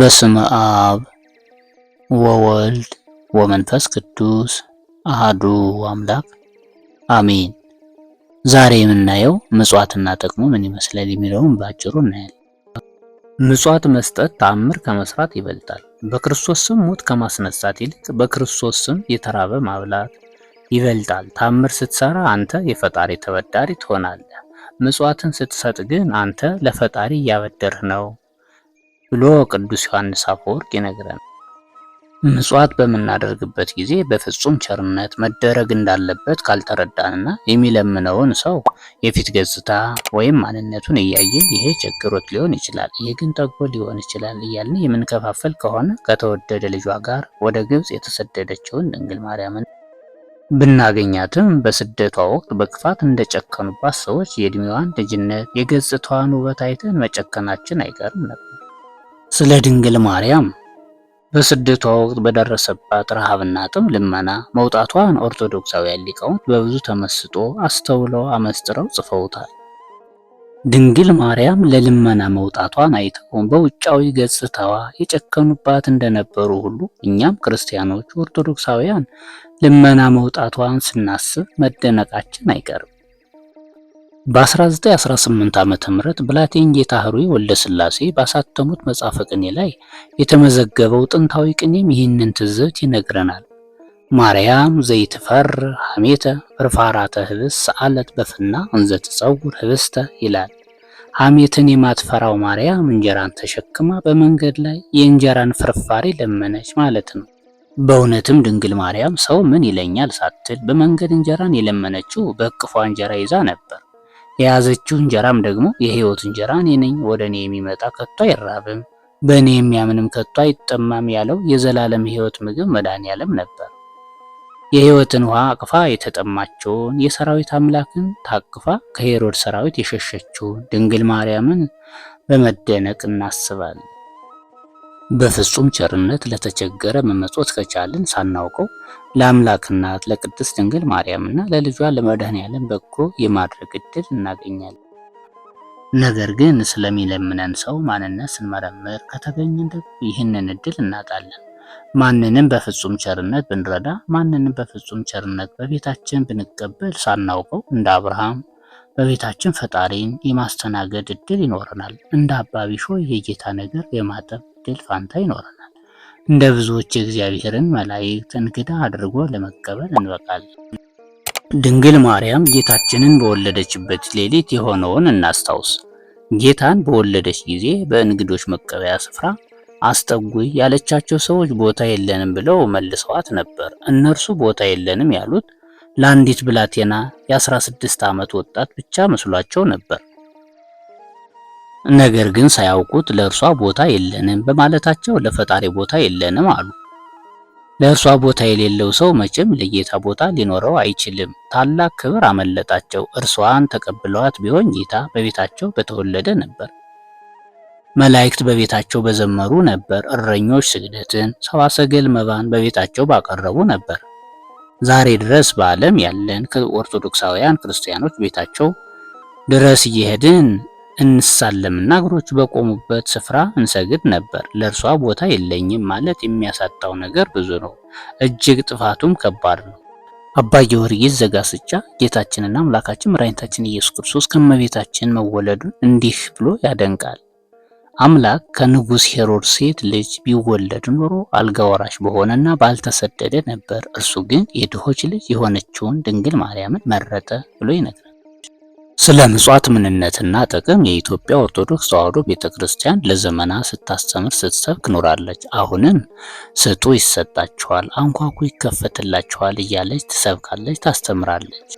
በስመ አብ ወወልድ ወመንፈስ ቅዱስ አህዱ አምላክ አሜን። ዛሬ የምናየው ምጽዋትና ጥቅሙ ምን ይመስላል የሚለውን በአጭሩ እናያለን። ምጽዋት መስጠት ተአምር ከመስራት ይበልጣል። በክርስቶስ ስም ሞት ከማስነሳት ይልቅ በክርስቶስ ስም የተራበ ማብላት ይበልጣል። ተአምር ስትሰራ አንተ የፈጣሪ ተበዳሪ ትሆናለህ። ምጽዋትን ስትሰጥ ግን አንተ ለፈጣሪ እያበደርህ ነው። ብሎ ቅዱስ ዮሐንስ አፈወርቅ ይነግረናል። ምጽዋት በምናደርግበት ጊዜ በፍጹም ቸርነት መደረግ እንዳለበት ካልተረዳንና የሚለምነውን ሰው የፊት ገጽታ ወይም ማንነቱን እያየን ይሄ ችግሮት ሊሆን ይችላል፣ ይሄ ግን ጠግቦ ሊሆን ይችላል እያልን የምንከፋፈል ከሆነ ከተወደደ ልጇ ጋር ወደ ግብፅ የተሰደደችውን ድንግል ማርያምን ብናገኛትም በስደቷ ወቅት በክፋት እንደጨከኑባት ሰዎች የእድሜዋን ልጅነት፣ የገጽታዋን ውበት አይተን መጨከናችን አይቀርም ነበር። ስለ ድንግል ማርያም በስደቷ ወቅት በደረሰባት ረሃብና ጥም ልመና መውጣቷን ኦርቶዶክሳውያን ሊቃውንት በብዙ ተመስጦ አስተውለው አመስጥረው ጽፈውታል። ድንግል ማርያም ለልመና መውጣቷን አይተው በውጫዊ ገጽታዋ የጨከኑባት እንደነበሩ ሁሉ እኛም ክርስቲያኖች ኦርቶዶክሳውያን ልመና መውጣቷን ስናስብ መደነቃችን አይቀርም። በ1918 ዓ ም ብላቴን ጌታ ህሩይ ወልደ ስላሴ ባሳተሙት መጽሐፈ ቅኔ ላይ የተመዘገበው ጥንታዊ ቅኔም ይህንን ትዝብት ይነግረናል። ማርያም ዘይትፈር ሐሜተ ፍርፋራተ ህብስ ሰአለት በፍና እንዘ ህብስተ ይላል። ሐሜትን የማትፈራው ማርያም እንጀራን ተሸክማ በመንገድ ላይ የእንጀራን ፍርፋሪ ለመነች ማለት ነው። በእውነትም ድንግል ማርያም ሰው ምን ይለኛል ሳትል በመንገድ እንጀራን የለመነችው በእቅፏ እንጀራ ይዛ ነበር። የያዘችው እንጀራም ደግሞ የህይወት እንጀራ እኔ ነኝ፣ ወደ እኔ የሚመጣ ከቶ አይራብም፣ በእኔ የሚያምንም ከቶ አይጠማም ያለው የዘላለም ህይወት ምግብ ያለም ነበር። የህይወትን ውሃ አቅፋ የተጠማችውን የሰራዊት አምላክን ታቅፋ ከሄሮድ ሰራዊት የሸሸችውን ድንግል ማርያምን በመደነቅ እናስባለን። በፍጹም ቸርነት ለተቸገረ መመጾት ከቻልን ሳናውቀው ለአምላክ እናት ለቅድስት ድንግል ማርያምና ለልጇ ለመድኃኔዓለም በጎ የማድረግ እድል እናገኛለን። ነገር ግን ስለሚለምነን ሰው ማንነት ስንመረምር ከተገኘን ይህንን እድል እናጣለን። ማንንም በፍጹም ቸርነት ብንረዳ፣ ማንንም በፍጹም ቸርነት በቤታችን ብንቀበል ሳናውቀው እንደ አብርሃም በቤታችን ፈጣሪን የማስተናገድ እድል ይኖረናል። እንደ አባ ቢሾ የጌታ ነገር የማጠብ እድል ፋንታ ይኖረናል። እንደ ብዙዎች የእግዚአብሔርን መላእክት እንግዳ አድርጎ ለመቀበል እንበቃለን። ድንግል ማርያም ጌታችንን በወለደችበት ሌሊት የሆነውን እናስታውስ። ጌታን በወለደች ጊዜ በእንግዶች መቀበያ ስፍራ አስጠጉይ ያለቻቸው ሰዎች ቦታ የለንም ብለው መልሰዋት ነበር። እነርሱ ቦታ የለንም ያሉት ለአንዲት ብላቴና የ16 ዓመት ወጣት ብቻ መስሏቸው ነበር። ነገር ግን ሳያውቁት ለእርሷ ቦታ የለንም በማለታቸው ለፈጣሪ ቦታ የለንም አሉ። ለእርሷ ቦታ የሌለው ሰው መቼም ለጌታ ቦታ ሊኖረው አይችልም። ታላቅ ክብር አመለጣቸው። እርሷን ተቀብለዋት ቢሆን ጌታ በቤታቸው በተወለደ ነበር። መላእክት በቤታቸው በዘመሩ ነበር። እረኞች ስግደትን፣ ሰዋሰገል መባን በቤታቸው ባቀረቡ ነበር። ዛሬ ድረስ በዓለም ያለን ከኦርቶዶክሳውያን ክርስቲያኖች ቤታቸው ድረስ እየሄድን እንሳለምና እግሮቹ በቆሙበት ስፍራ እንሰግድ ነበር። ለእርሷ ቦታ የለኝም ማለት የሚያሳጣው ነገር ብዙ ነው፣ እጅግ ጥፋቱም ከባድ ነው። አባ ጊዮርጊስ ዘጋስጫ ጌታችንና አምላካችን መድኃኒታችን ኢየሱስ ክርስቶስ ከመቤታችን መወለዱን እንዲህ ብሎ ያደንቃል። አምላክ ከንጉሥ ሄሮድ ሴት ልጅ ቢወለድ ኖሮ አልጋ ወራሽ በሆነና ባልተሰደደ ነበር፣ እርሱ ግን የድሆች ልጅ የሆነችውን ድንግል ማርያምን መረጠ ብሎ ይነግራል። ስለ ምጽዋት ምንነትና ጥቅም የኢትዮጵያ ኦርቶዶክስ ተዋሕዶ ቤተክርስቲያን ለዘመና ለዘመናት ስታስተምር ስትሰብክ ኖራለች። አሁንም ስጡ ይሰጣችኋል፣ አንኳኩ ይከፈትላችኋል እያለች ትሰብካለች፣ ታስተምራለች።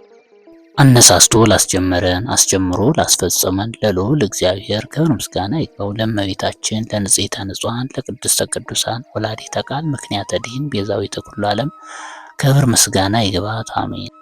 አነሳስቶ ላስጀመረን አስጀምሮ ላስፈጸመን ለልዑል እግዚአብሔር ክብር ምስጋና ይግባው። ለእመቤታችን ለንጽሕተ ንጹሐን ለቅድስተ ቅዱሳን ወላዲተ ቃል ምክንያተ ድኅን ቤዛዊተ ኩሉ ዓለም ክብር ምስጋና ይግባት። አሜን።